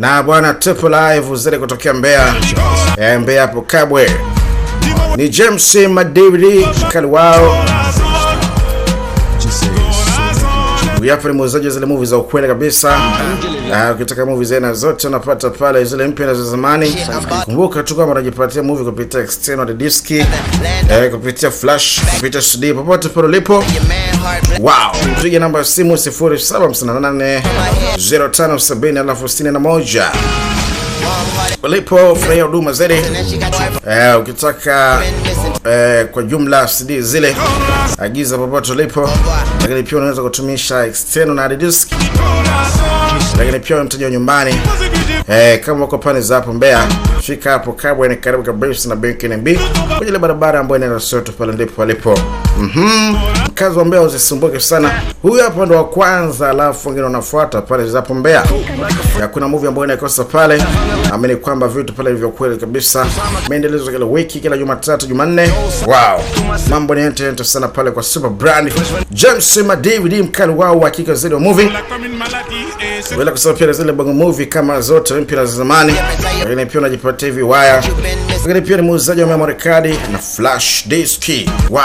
na bwana tupo live zile kutokea mbea mbea hapo Kabwe. Ni James Madavidi Kaliwao, huyu ni muuzaji wa zile muvi za ukweli kabisa. Ah, ukitaka movie zina zote unapata pale, zile mpya na za zamani. Kumbuka tu kama unajipatia movie kupitia external disk, eh, kupitia flash, kupitia CD popote pale ulipo. Wow, piga namba ya simu 0758 0570 alafu 61 ulipo furahia huduma zaidi. Eh, ukitaka eh, kwa jumla CD zile agiza popote ulipo, lakini pia unaweza kutumisha external na disk lakini pia we mteja wa nyumbani eh, kama uko pande za hapo Mbeya, fika hapo Kabwe, ni karibu kabisa na benki NMB kwenye ile barabara ambayo inaenda Soto, pale ndipo walipo. Mhm, mkazi wa Mbeya usisumbuke sana, huyu hapa ndo wa kwanza, alafu wengine wanafuata pale za hapo Mbeya. kuna movie ambayo inakosa pale, amini kwamba vitu pale vilivyo kweli kabisa, maendelezo kila wiki, kila Jumatatu, Jumanne. Wow, mambo ni entertainment sana pale kwa Super Brand James Madavid, mkali wao hakika zaidi wa movie bila kusahau pia na zile bongo movie kama zote mpya na zamani, lakini pia unajipatia hivi waya, lakini pia ni muuzaji wa memory card na flash disk. Wow,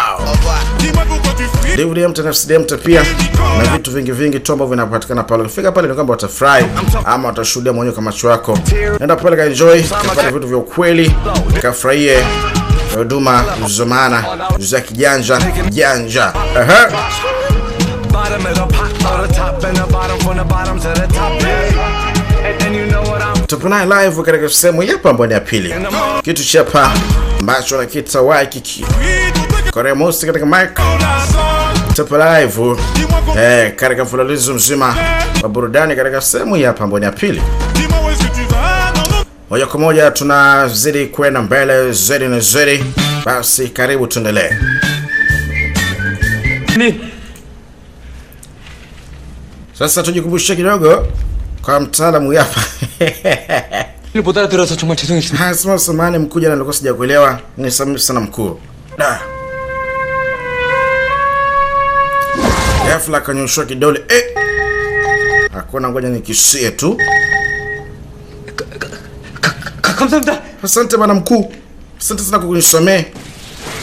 DVD nafsi mta pia na vitu vingi vingi tu ambavyo vinapatikana pale. Ukifika pale ni kwamba watafurahi ama watashuhudia mwenyewe kwa macho yako. Nenda pale ka enjoy, kapata vitu vya ukweli, kafurahie huduma zomana za kijanja janja. Aha. Throw the top and the bottom, from the bottom to the top. And then you know what I'm Tupo naye live katika sehemu ya pambano ya pili. Kitu cha pa ambacho nakita Waikiki. Korea Mosi katika mic. Tupo live eh, katika mfululizo mzima wa burudani katika sehemu ya pambano ya pili. Moja kwa moja tunazidi kwenda mbele zaidi na zaidi. Basi karibu tuendelee. Sasa tujikumbushe kidogo kwa mtaalamu hapa. Nasema samani mkuu, jana nilikuwa sijakuelewa, ni nisamehe sana mkuu. Ghafla akanyoshwa kidole eh, akona, ngoja nikisie tu. Asante bana mkuu, asante sana kwa kunisamehe.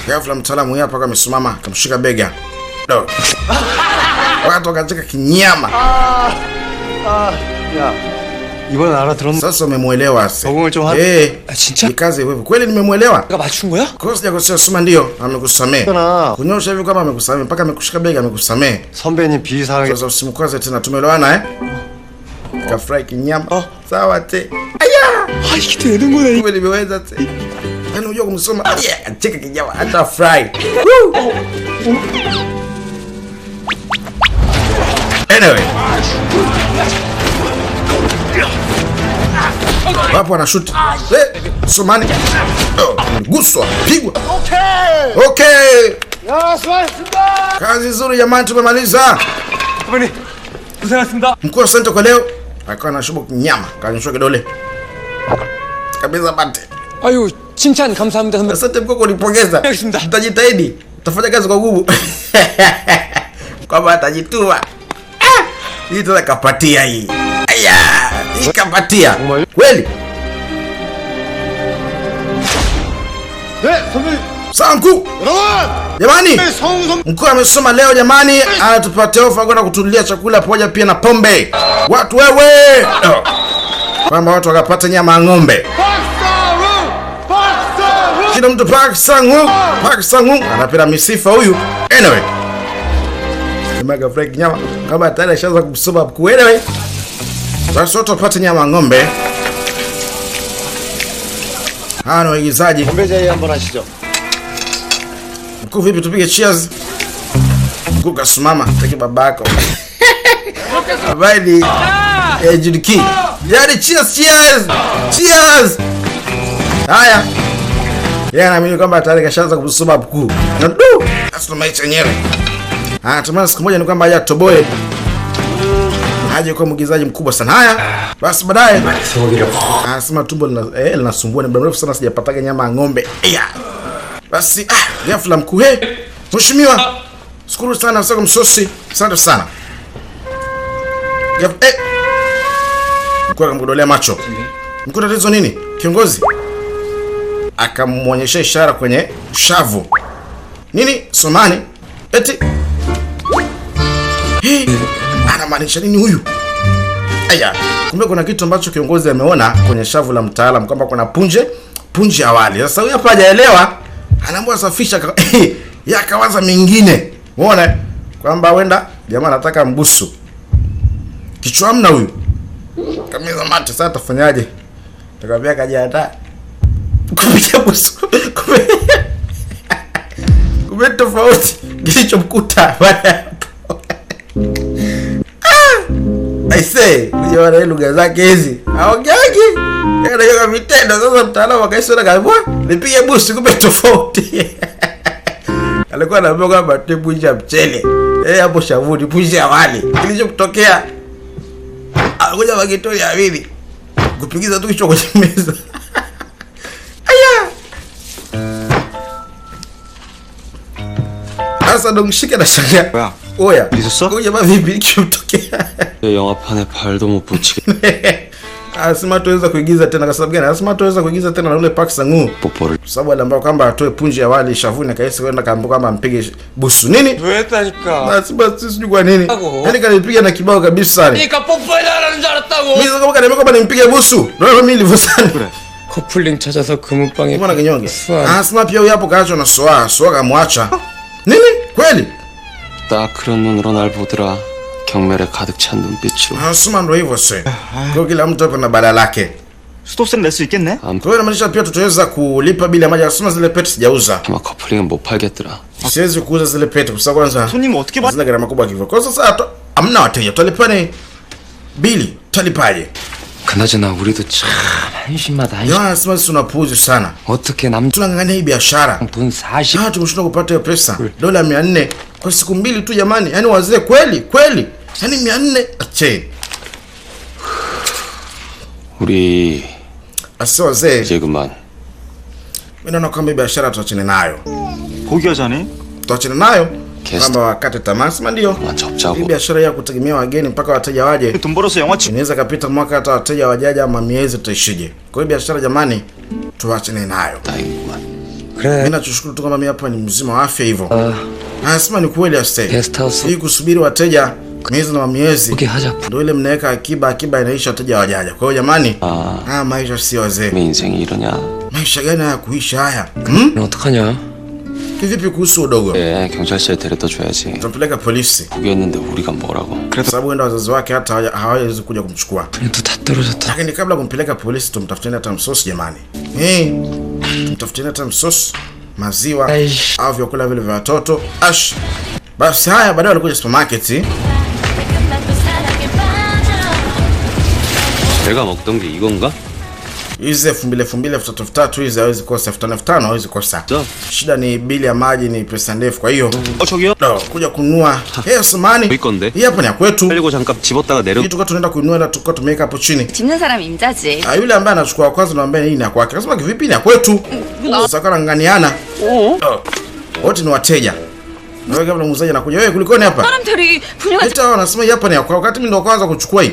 Ghafla mtaalamu hapa akasimama, akamshika bega. watu wakacheka kinyama. 아, 아, 야. 이번엔 알아들었나? Sasa umemwelewa sasa. 적응을 좀 하. Eh, 아, 진짜? nikaze wewe. Kweli nimemwelewa? 내가 맞춘 거야? 그거 sijakosea sema ndio amekusamehe. 있잖아. Kunyosha hivi kama amekusamehe mpaka amekushika bega amekusamehe. 선배님 비상하게 Sasa usimkwaze tena tumeelewana eh? Kafurahi kinyama. Sawa te. Aya! 아 이게 되는 거네. 이거. Kweli nimeweza te. Yaani unajua kumsoma. Aya, cheka kinyama hata fry. mwenyewe. Wapo anashuti eh, Somani, oh, guswa pigwa. kazi nzuri jamani, tumemaliza. Mkuu wa senta kwa leo akawa anashuba nyama, kanyosha kidole kabisa bate. Asante mkuu kunipongeza. Nitajitahidi. Utafanya kazi kwa gubu Kwamba atajituma hii tena kapatia hii. Aya, hii kapatia kweli. Sanku jamani, mkuu amesoma leo jamani, anatupatia ofa kwenda kutulia chakula pamoja pia na pombe. Watu wewe, oh. kwamba watu wakapata nyama ya ng'ombe kila mtu. pakisangu pakisangu wook anapenda misifa huyu. Anyway Msemaji Frank nyama kama tayari ashaanza kumsoma mkuu. Basi watu wapate nyama ng'ombe. Hao waigizaji. Mkuu, vipi tupige cheers? Mkuu kasimama, take babako. Habari. Ah! Eh, Judiki. Yaani cheers, cheers. Cheers. Haya. Yeye anaamini kwamba tayari kashaanza kumsoma mkuu. Na du, asema chenyewe anatamani ah, siku moja ni kwamba aje atoboe aje kuwa mwigizaji mkubwa sana. Haya basi, baadaye anasema ah, tumbo eh, linasumbua, eh, ni muda mrefu sana sijapataga nyama ya ng'ombe. Basi ah, ghafla mkuu, he mheshimiwa, shukuru sana msako msosi, asante sana Gaf, eh. Mkuu akamkodolea macho. Mkuu, tatizo nini kiongozi? Akamwonyesha ishara kwenye shavu. Nini Somani eti anamaanisha nini huyu? Aya, kumbe kuna kitu ambacho kiongozi ameona kwenye shavu la mtaalamu kwamba kuna punje punje awali. Sasa huyu hapa hajaelewa, anaambiwa safisha yakawaza mingine. Umeona kwamba wenda jamaa anataka mbusu kichwa, amna huyu kamiza mate. Sasa tafanyaje? Takwambia kajiandaa kupiga busu kumbe tofauti kilichomkuta aisee, unaona ile lugha zake hizi haongeagi, yeye kwa vitendo. Sasa mtaalamu akaisha na kaambia nipige busi, kumbe tofauti alikuwa anaambia kwamba tupunja mchele eh, hapo shavuni punja wali, kilichotokea alikuja makitori ya bibi kupigiza tu kichwa kwenye meza aya. Sasa ndo mshike na shangaa 오야 있었어? 꼬야밥이 밀키 utokea 내 영화판에 발도 못 붙이게 Asma tuweza kuigiza tena kwa sababu gani? Asma tuweza kuigiza tena na ule Park Sang-woo kwa sababu aliambiwa kwamba atoe punje ya wali shavuni, akaisi kwenda kaambiwa kwamba ampige busu nini? Tuwetanika. Basi basi sijui kwa nini. Yaani kanipiga na kibao kabisa. Nikapopela na njaratago. Mimi kama kaniambia kwamba nimpige busu. Ndio mimi nilivyosana. 커플링 찾아서 금은방에. Mbona kinyonge? Asma pia huyo hapo kaacho na Soa, Soa kamwacha. Nini? Kweli? 딱 그런 눈으로 날 보더라. 경멸에 가득 찬 눈빛으로. Osman Roivose. Kwa kila mtu hapa na bala lake. 스톱셀 낼수 있겠네? 안 Kwa hiyo inamaanisha pia tutaweza kulipa bili ya maji. Asema zile pete sijauza. 아마 커플링은 못 팔겠더라. Siwezi kuuza zile pete kwa sababu kwanza 손님 어떻게 받... zile gharama kubwa hivyo. Kwa hiyo sasa hatu- hamna wateja. Tutalipa ni bili. Tutalipaje? 그나저나 우리도 참 한심하다. 한심. Jamaa anasema sisi tunapuuzi sana. 어떻게 남자랑 Tunang'ang'ania hii biashara. 돈 40. Ah, tumeshindwa kupata hiyo pesa. Dola 400 kwa siku mbili tu jamani, yani wazee kweli kweli, yani mia nne acheni uri asi wazee jeguman. Mimi naona kwamba biashara tuachane nayo, pogiajani tuachane nayo kwamba wakate tamaa, sima ndio hii biashara ya kutegemea wageni mpaka wateja waje, eh, inaweza kapita mwaka hata wateja wajaja ama miezi, tutaishije? Kwa hiyo biashara jamani, tuachane nayo. mi nachoshukuru tu kwamba mi hapa ni mzima wa afya hivyo. Ah. Anasema ni kweli afisa, hii kusubiri wateja miezi na miezi, ndio ile mnaweka akiba, akiba inaisha, wateja wajaja. Kwa hiyo jamani, ah, maisha si wazee, maisha gani haya kuisha haya? hmm? hmm? Vipi kuhusu udogo? Eh, 경찰서에 데려다 줘야지. Tumpeleka polisi. 구겼는데 우리가 뭐라고? Kwa sababu wenda wazazi wake hata hawawezi kuja kumchukua. Lakini kabla kumpeleka polisi tumtafuteni hata msosi jamani. Eh. Tumtafuteni hata msosi. maziwa au vyakula vile vya watoto ash. Basi haya, baadaye walikuja supermarket. 내가 먹던 게 이건가? hizi elfu mbili elfu mbili elfu tatu elfu tatu hizi hawezi kosa, elfu tano elfu tano hawezi kosa. Shida ni bili ya maji, ni pesa ndefu. Kwa hiyo kuja kununua hey, Osmani, hii hapa ni ya kwetu. Hii tukua tunaenda kuinua na tukua tumeweka hapo chini. Ah, yule ambaye anachukua kwanza na ambaye ni ya kwake. Kasema kivipi ni ya kwetu? Mm. Sasa nganiana. Oh. Oh. Wote ni wateja. Wewe kama muuzaji anakuja, wewe kulikoni hapa? Hata wanasema hapa ni yako. Wakati mimi ndo kwanza kuchukua hii.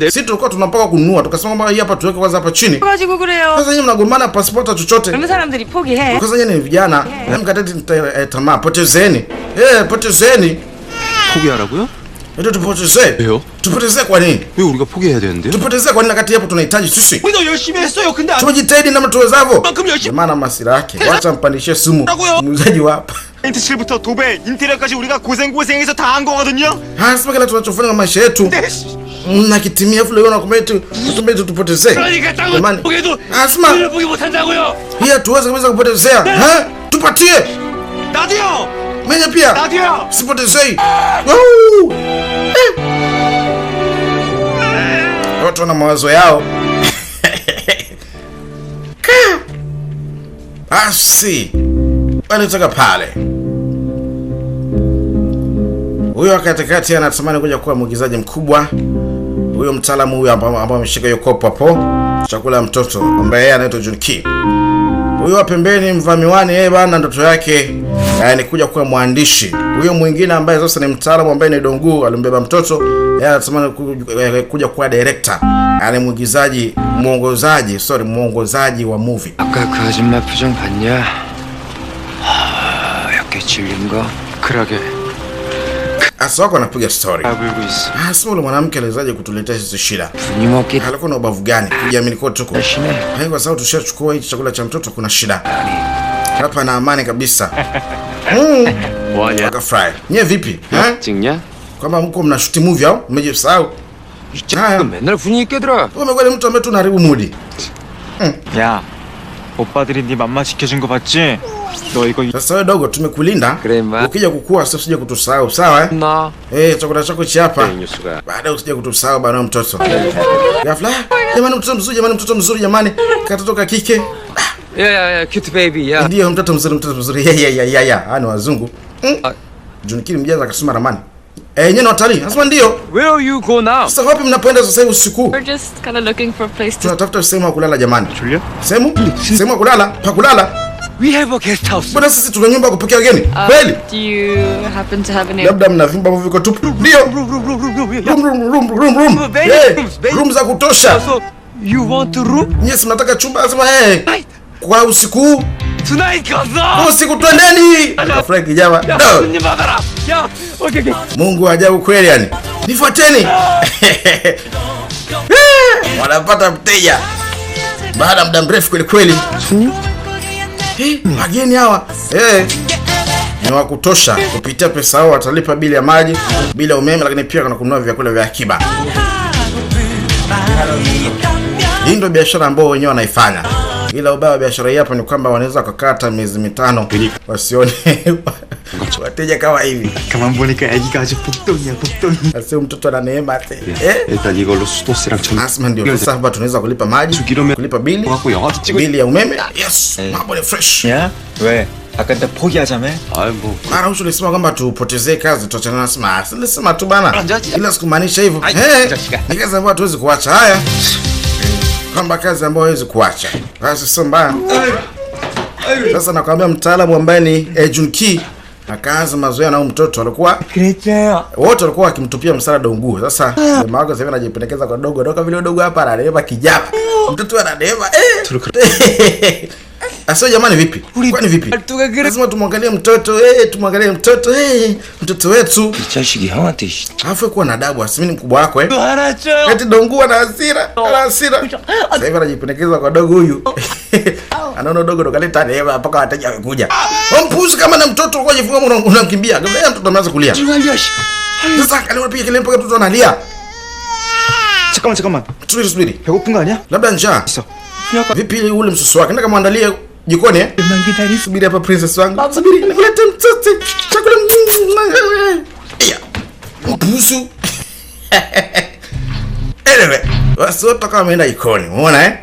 Sisi tulikuwa tunapaka kununua. Tukasema kwamba hii hapa tuweke kwanza hapa chini. Sasa nyinyi mnagombana pasipoti chochote. Sasa nyinyi ni vijana. Na mkatati eh, tamaa, potezeni. Eh, potezeni. 포기하라고요? Ndio tupotezee. Ndio. Tupotezee kwa nini? Wewe uliga 포기해야 되는데. Tupotezee kwa nini wakati hapo tunahitaji sisi? Wewe 열심히 했어요. 근데 tumejitahidi namna tuwezavyo. Maana masira yake. Wacha mpandishie sumu. Muuzaji wa 엔트칠부터 도배, 인테리어까지 우리가 고생고생해서 다 한 거거든요. 한숨밖에 tunachofanya maisha yetu na kitimia afu leo nakometi kusometi tupotezee. 그러니까 땅을 보게도 한숨아 눈을 보기 못한다고요. Hii hatuwezi kabisa kupotezea. Ha? Tupatie. 나도요. Mwenye pia. 나도요. Sipotezei. Watu wana mawazo yao. Asi. Anitoka pale. Huyo wa katikati anatamani kuja kuwa mwigizaji mkubwa, huyo mtaalamu huyo ambao ameshika hiyo kopo hapo, chakula ya mtoto, ambaye yeye anaitwa junki Huyo pembeni mvaa yeye bana, ndoto yake eh, ni kuja kuwa mwandishi. Huyo mwingine ambaye sasa ni mtaalamu, ambaye ni Dongu, alimbeba mtoto, yeye anatamani eh, kuja kuwa director, yani eh, mwigizaji, mwongozaji, sorry, mwongozaji wa movie. Asa wako anapiga story. Hasa ah, ule ah, mwanamke aliwezaje kutuletea hizo shida? Alikuwa na ubavu gani? Ah, Kujiamini kwa tuko. Hai kwa sababu tushachukua hicho chakula cha mtoto kuna shida. Hapa na amani kabisa. Mm. fry. Nye vipi? Eh? Kama mko mnashuti movie au mmejisahau? Haya. Umekuwa ni mtu ambaye tunaharibu mudi. Mm. Yeah. 오빠들이 네 맘마 지켜준 거 봤지? 너 이거 Sasa wewe dogo, tumekulinda 그래, ukija kukua, sasa usije kutusahau sawa? eh? 나 Eh, chakula chako hichi hapa, 이 뉴스가 usije kutusahau bana, mtoto. Ghafla, jamani, mtoto mzuri, jamani, mtoto mzuri, jamani, katoto ka kike. 야야야 큐트 베이비 야 Ndiyo, mtoto mzuri, mtoto mzuri. Ya ya ya ya ya, ah, wazungu. Mm. Ah. Juni kili mjaza ramani Eh, nyinyi watalii? Nasema ndio. Where are you go now? Sasa wapi mnapoenda sasa hivi usiku? We're just kind of looking for a place to. Tunatafuta sehemu ya kulala jamani. Sehemu? Sehemu ya kulala? Pa kulala? We have a guest house. Bwana sisi tuna nyumba ya kupokea wageni. Uh, Kweli? Do you happen to have any? Labda mna vyumba ambavyo viko tupu. Ndio. Room room room room room. Room za kutosha. So you want to room? Yes, mnataka chumba. Nasema eh. Kwa usiku. Usikutendeni. Mungu ajabu kweli yani. Nifuateni. Ah. Wanapata mteja baada ya muda mrefu kweli kweli. Hmm? Eh, wageni hawa eh. ni wa kutosha kupitia pesa yao watalipa bili ya maji, bili ya umeme, lakini pia kuna kununua vyakula vya akiba. Hii ndio biashara ambayo wenyewe wanaifanya ila ubaya wa biashara hii hapo ni kwamba wanaweza kukata miezi mitano wasione wateja kama hivi. Kama mbonika yajiga aje poktonia poktonia. Sasa mtoto ana neema te. Eh? Eta jigo lo stosi rancho. Asma ndio sasa hapa tunaweza kulipa maji, kulipa bili, bili ya umeme. Ah, yes. Eh. Mambo ni fresh. Yeah. We. Akanta 포기하자며. 아이 뭐. Mara usho nisema kwamba tupotezee kazi tutachana na sma. Nilisema tu bana. Ah, ila sikumaanisha hivyo. Eh. Nikaza kwamba tuwezi kuacha haya kwamba kazi ambayo hawezi kuacha. Basi Sasa nakwambia mtaalamu ambaye ni Ejunki eh, akaanza mazoea na mtoto alikuwa wote walikuwa wakimtupia msaada unguo. Sasa mama ah. yako sasa anajipendekeza kwa dogo doka vile dogo hapa anadeva kijapa. Mtoto anadeva. Eh. Asa jamani, vipi? Kwani vipi? Lazima tumwangalie mtoto, eh, tumwangalie mtoto, eh, mtoto wetu. Kichashi Afu kuwa na adabu, asimini mkubwa wako eh. Eti dongua na hasira, na oh. hasira. Sasa hivi anajipendekeza kwa dogo huyu. Oh. Anaona dogo ndo kaleta neema mpaka wateja wakuja. Mpuzi kama na mtoto ukoje funga unamkimbia. Ndio mtoto anaanza kulia. Sasa kale unapiga kelele mpaka mtoto analia. Chakama chakama. Tusubiri tusubiri. Hebu punga nia. Labda njaa. Vipi ule msusu wake? Nataka muandalie Jikoni eh? Subiri hapa princess wangu. Subiri. Lete mtoto. Chakula. Ya. Mpusu. Anyway, wasi eh, wote kama ameenda jikoni. Umeona eh?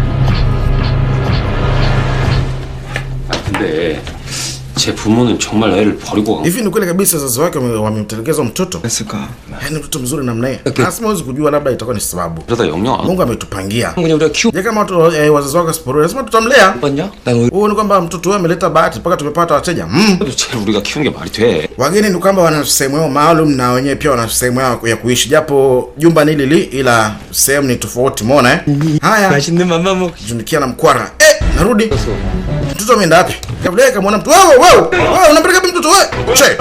Atende. 제 부모는 정말 애를 버리고 간... Hivi ni kweli kabisa wazazi wake wame- wamemtelekeza mtoto? 됐을까? Yaani mtoto mzuri namna hiyo. Okay. Lazima huwezi kujua labda itakuwa ni sababu. 그러다 영영 안 Mungu ametupangia. 그냥 우리가 키우 kama watu eh, wazazi wako asiporuhusu lazima tutamlea. 봤냐? 난 오히려 kwamba mtoto huyo ameleta bahati mpaka tumepata wateja? Mm. 쟤를 우리가 키운 게 말이 돼. Wageni ni kwamba wana sehemu yao maalum na wenyewe pia wana sehemu yao ya kuishi, japo jumba ni hili ila sehemu ni tofauti. Umeona eh? Mhm. Haya, 맛있는 맘만 먹. junikia na mkwara. Eh, narudi. Mtoto ameenda wapi? Kabla yake mwana mtu wewe wewe wewe unampeleka wapi mtoto wewe? Che.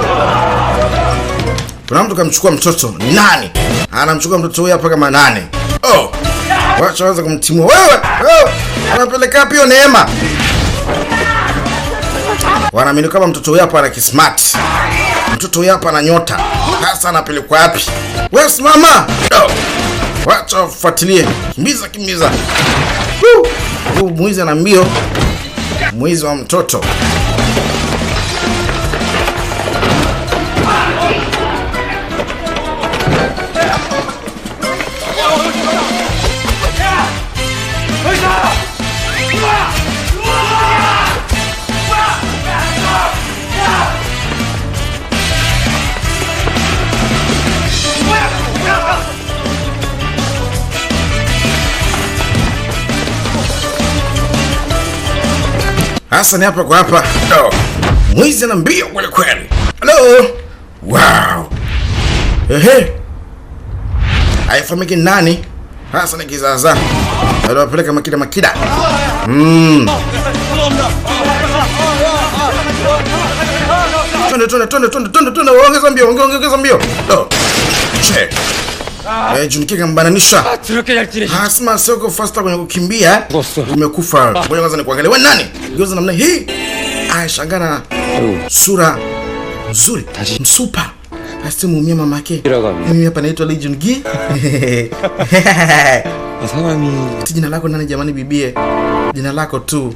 Kuna mtu kamchukua mtoto. Ni nani? Anamchukua mtoto huyu hapa kama nani? Oh. Wacha waanze kumtimua wewe. Oh. Anampeleka wapi hiyo Neema? Wanaamini kama mtoto huyu hapa ana kismart. Mtoto huyu hapa ana nyota. hasa, anapelekwa wapi? Wewe simama. Oh. Wacha ufuatilie, Kimbiza kimbiza. Huu mwizi ana mbio. Mwizi wa mtoto. sasa ni hapa kwa hapa. Oh. Mwizi na mbio kweli kweli. Hello. Wow. Ehe. Haifamiki nani? Hassan ni kizaza. Aliwapeleka makida makida. Mm. Tunde tunde tunde tunde tunde twende, ongeza mbio, ongeza mbio. Oh. Che. Ah. Eh, John King ambananisha. Hasma ah, ah, soko faster kwenye kukimbia. Umekufa. Ngoja kwanza nikuangalie. Wewe nani? Ngoza namna hii. Ah, shangana. Sura nzuri. Msupa. Hasa muumia mama yake. Mimi hapa naitwa Legion G. Asante mimi. Jina lako nani jamani bibie? Jina lako tu.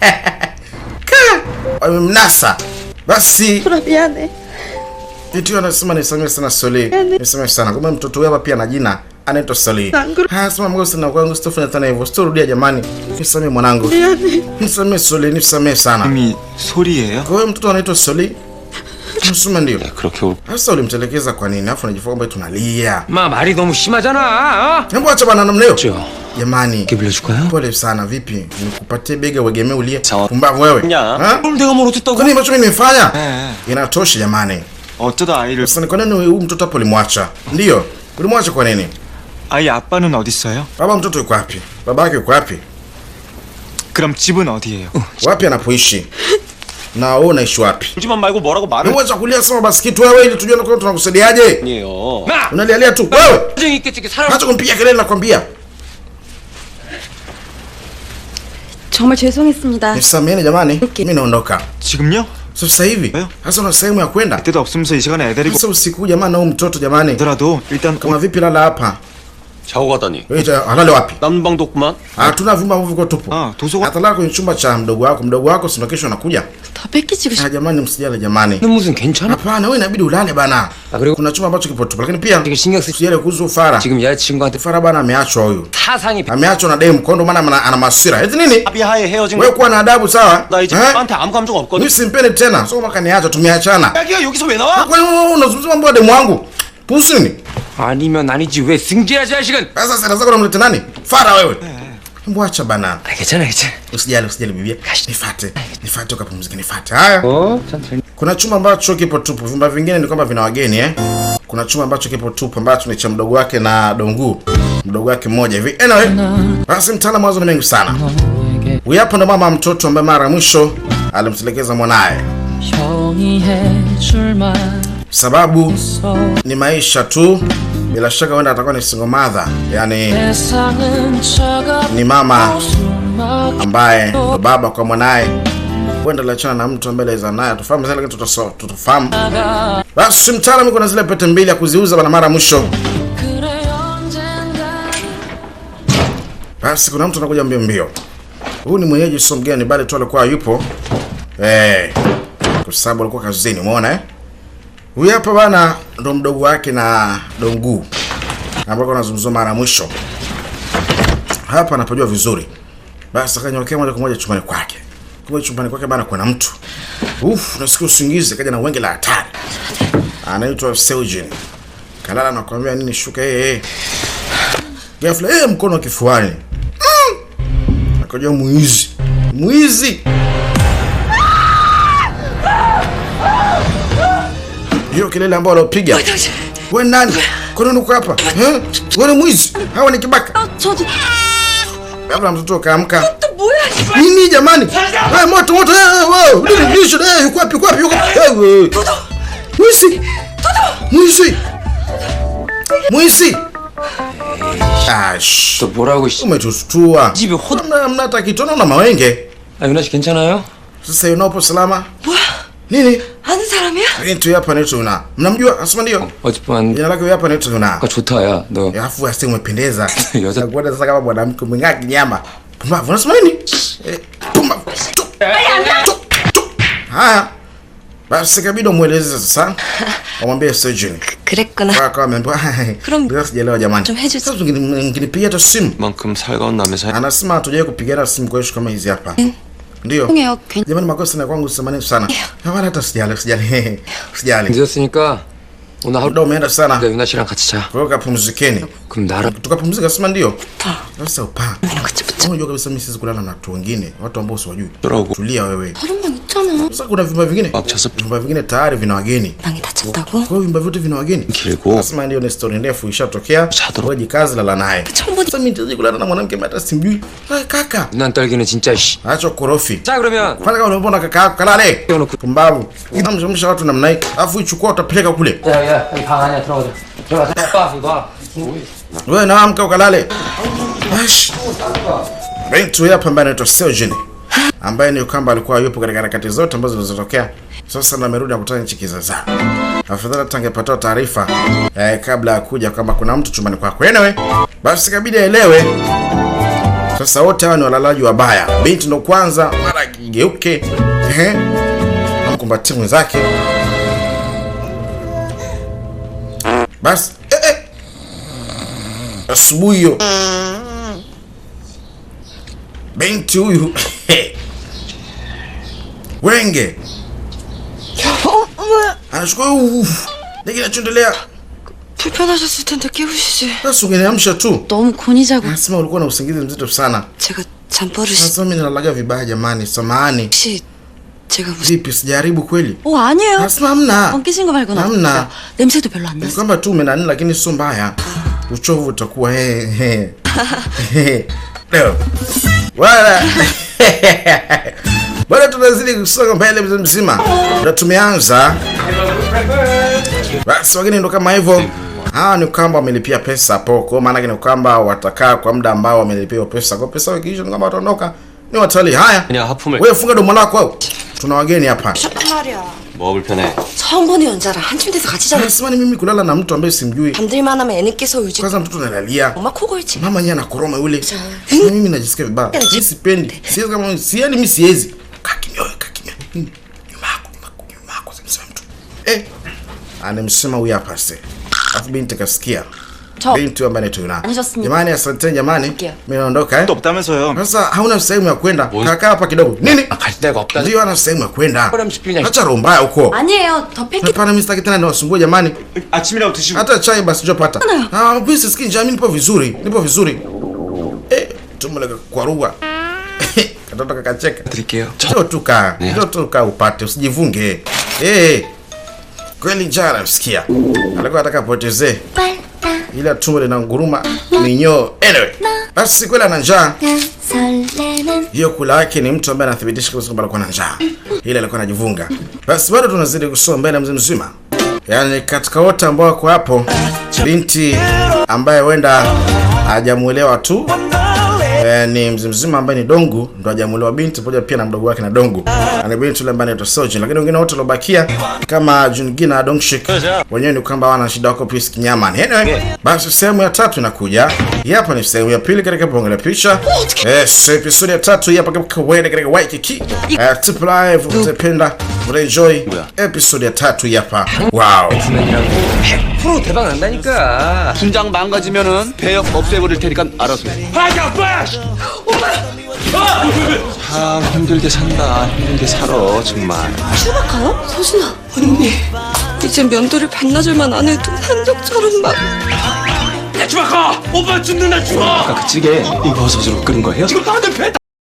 Ka. Mnasa. Basi. Tunapiane. Kitu anasema nisamehe sana Soli. Nisamehe yaani- sana. Kumbe mtoto huyu hapa pia na jina anaitwa Soli. Haya, sema mgosi na kwangu sitofu natana hivyo. Sitorudia jamani. Nisamehe mwanangu. Nisamehe yaani- Soli, nisamehe sana. Mimi Soli예요? Kwa hiyo mtoto anaitwa Soli. Msuma ndio. Hasa ulimtelekeza kwa nini? Alafu unajifua kwamba tunalia. Ma, mali 너무 심하잖아. Hebu acha bana namna hiyo. Jamani. Eh? Pole sana vipi? Nikupatie bega uegemee ulie. Pumbavu wewe. Ha? Kwa nini macho mimi nimefanya? Eh, eh. Inatosha jamani. 어쩌다 아이를 그러니까는 우 mtoto hapo ulimwacha? Ndiyo, ulimwacha kwa nini? 아이 아빠는 어디 있어요? Baba mtoto yuko wapi? Baba yake yuko 그럼 집은 어디예요? Wapi anapoishi? Na wewe unaishi wapi? 울지만 말고 뭐라고 말을 Wewe chakulia sema basi kitu wewe ili tujue na tunakusaidiaje. 아니에요. 나 Unalialia tu. Wewe, 나중에 있겠지 사람 acha kumpiga kelele nakwambia. 정말 죄송했습니다. Nisameeni jamani. Mimi naondoka. 지금요? So sasa hivi sasa eh? una sehemu ya kwenda. Sasa usiku jamani, na huyu mtoto jamani. Kama vipi lala hapa? 자고 가다니 왜 이제 안 하려 wapi? 딴 방도 없구만. Hatuna vyumba ambavyo viko 도서관 atalala kwenye chumba cha mdogo wako. Mdogo wako sio kesho anakuja. 다 뺏기지 그 아, jamani msijale jamani. 너 무슨 괜찮아? Hapana, wewe inabidi ulale bana. 아 그리고 Kuna chumba ambacho kipo tupu, lakini pia 되게 신경 쓰 usijale kuhusu Ufara. 지금 여자친구한테 Ufara bana ameachwa huyu. 사상이 Ameachwa na demu, kwa maana ana- ana masira. Eti nini? 합의하에 헤어진 거. wewe kuwa na adabu sawa? 나 이제 Eh? 오빠한테 아무 mimi simpendi tena. Sio kama tumeachana. 자기가 여기서 왜 나와? Kwa hiyo unazungumzia mambo ya demu wangu. 보스 님. 아니면 아니지 왜 승질하지 아식은? Sasa nataka unamleta nani? Fara wewe. Mwacha bana. 아, 괜찮아 괜찮아 Usijali, usijali bibia. Nifuate. Nifuate ukapumzike, nifuate. Haya. 어 천천히 Kuna chumba ambacho kipo tupu. Vyumba vingine ni kwamba vina wageni eh. Kuna chumba ambacho kipo tupu ambacho ni cha mdogo wake na Dongu. Mdogo wake mmoja hivi. Anyway, basi mtaalamu wazo ni mengi sana. Huyu hapa ndo mama mtoto ambaye mara ya mwisho alimtelekeza mwanaye sababu ni maisha tu. Bila shaka wenda atakuwa ni single mother, yani ni mama ambaye ndo baba kwa mwanaye, huenda lachana na mtu ambaye aliza naye, tufahamu zile, lakini tutafahamu. Basi mtaalamu kuna zile pete mbili ya kuziuza bana, mara mwisho. Basi kuna mtu anakuja mbio mbio, huyu ni mwenyeji, sio mgeni, bali tu alikuwa yupo eh, kwa sababu alikuwa kazini, umeona eh Huyu hapa bana ndo mdogo wake na Dongu ambako anazungumzwa mara mwisho hapa, anapojua vizuri basi, akanyokea moja kwa moja chumbani kwake. Kwa chumbani kwake bana, kuna mtu uf nasikia usingizi, kaja na wenge la hatari, anaitwa Seujin. Kalala nakwambia nini, shuka yeye. Eh, eh. Ghafla yeye eh, mkono kifuani, mm! akajua muizi muizi hiyo kelele ambayo n a l o p i g a we nani? Uko hapa wewe ni mwizi, hawa ni kibaka. Labda mtoto kaamka. Nini jamani? Moto moto! Yuko wapi? Yuko wapi? Yuko wapi? Mwizi! Mwizi! Mwizi! Ash. Umetustua. a Jibe Hamna hata kitono na mawenge. Sasa s unapo salama? Wow. Nini? Hadi salamia? Bintu hapa naitwa tuna. Mnamjua? Asema ndio. Ojipan. Jina lake hapa naitwa tuna. Kachuta ya ah, ndo. Ya eh, afu asi umependeza. Nakuona sasa kama mwanamke mwingine kinyama. Pumbavu. Unasema nini? Eh, Pumba. Haya. Basi kabidi mueleze sasa. Amwambie surgeon. 그랬구나. Kwa 그러면 뭐. 그럼 내가 sijaelewa jamani. 좀 해줘. sasa unginipigia hata simu. Mankum 살가운 mesa. Anasema tujaye kupigana simu kwa hiyo kama hizi hapa. Eh. Ndio. Jamani makosa na kwangu samani sana. Hawana hata sijali, sijali. Sijali. Ndio sinyika. Muda umeenda sana. kati Kwa hiyo kapumzikeni. kumdara Tukapumzika sema ndio. Sasa upa. Unajua kabisa mimi siwezi kulala na watu wengine, watu ambao usiwajui Tulia wewe. Sasa kuna vyumba vingine. Vyumba vingine tayari vina wageni. Kwa hiyo vyumba vyote vina wageni. Sema ndio ni story ndefu ishatokea. Wewe kazi lala naye. Sasa mimi nitaje kulala na mwanamke ambaye hata simjui. Kaka. na chinchashi Acha korofi. Fanya kama unaona kaka yako kalale. Pumbavu. Unamshamsha watu namna hii. Alafu ichukua utapeleka kule. 야, 여기 방 안에 들어가자. 들어가자. 봐, ukalale? Aish. Bintu hapa ambaye anaitwa Seojin ambaye ni kwamba alikuwa yupo katika harakati zote ambazo zilizotokea. Sasa amerudi na kutana chikiza Afadhali tangepata taarifa eh, kabla ya kuja kwamba kuna mtu chumbani kwako. Anyway, basi kabidi aelewe. Sasa wote hawa ni walalaji wabaya. Bintu ndo kwanza mara kigeuke. Eh. Mkumbatia mwenzake. basi eh, eh. Asubuhi hiyo binti huyu wenge anachukua nini sasa? tu, nasema ulikuwa na usingizi mzito sana. Nasema mimi vibaya jamani, samahani. 제가 무슨 Vipi, sijaribu kweli? 어 아니에요. Nasema hamna. 거 말고 나. 냄새도 별로 안 나. 요막 tu umenani, lakini sio mbaya. Uchovu utakuwa he he. Leo. Wala. Bado tunazidi kusonga mbele mzima. tumeanza. Basi wengine ndo kama hivyo. Hawa ni kwamba wamelipia pesa hapo. Kwa maana ni kwamba watakaa kwa muda ambao wamelipia pesa. Kwa hiyo pesa wakiisha ni kwamba wataondoka. Ni watalii. Haya. Wewe funga domo lako. wewe tuna wageni hapa. 말이야. 뭐가 불편해? 처음 보는 여자랑 같이 자는 Simani mimi kulala na mtu ambaye simjui, 밤들만 하면 애는 유지 kwanza mtoto analalia 엄마 코 걸지 mama yeye anakoroma yule, Na mimi najisikia vibaya, mimi sipendi, siwezi kama sieni, mimi siwezi. Kaa kimya wewe, kaa kimya. Mimi, nyuma yako, nyuma yako, nyuma yako, simsema mtu eh, anamsema afu binti 저 binti ambaye anaitwa Yuna. Jamani, asanteni jamani, Sikia. 또 없다면서요. Sasa hauna sehemu ya kwenda, kakaa hapa kidogo. Nini? 내가 없다. Ndio anasema kwenda. Acha roho mbaya huko. Aniyo, tope. Hapana, mimi sitaki tena niwasumbue jamani. Achimila utishi. Hata chai basi sijapata. Ah, mimi sisikii njaa, mimi nipo vizuri. Nipo vizuri. Eh, tumele kwa ruga. Katoto kakacheka. Njoo tu kaa. Njoo tu kaa upate, usijivunge. Eh. Kweli njaa namsikia. Alikuwa anataka potezee. Ila tumbo linanguruma minyoo. Anyway basi siku ile ana njaa. Hiyo kula yake ni mtu ambaye anathibitisha kabisa kwamba alikuwa na njaa, ile alikuwa anajivunga. Basi bado tunazidi kusoma mbele, mzee mzima, yaani katika wote ambao wako hapo, binti ambaye huenda hajamuelewa tu eh, ni mzee mzima ambaye ni Dongu ndo ajamuliwa binti pamoja pia na mdogo wake na Dongu ana binti yule ambaye anaitwa Sojin, lakini wengine wote waliobakia kama Jungi na Dongshik wenyewe ni kwamba wana shida wako pisi kinyama. Anyway, basi sehemu ya tatu inakuja. hapa ni sehemu ya pili katika bonge la picha eh, episode ya tatu hapa katika kawaida katika Waikiki eh, tip live utapenda Rayjoy 에피소드 타투 야파 와우 엑스이 대박 난다니까 분장 망가지면은 배역 없애버릴 테니까 알아서 해참 힘들게 산다 힘들게 살아 정말 휴가가요? 서진아 언니 이제 면도를 반나절만 안 해도 한적처럼 막 야, 주마카! 오빠 죽는다, 죽어! 아까 그 찌개 이 버섯으로 끓인 거예요? 지금 나한배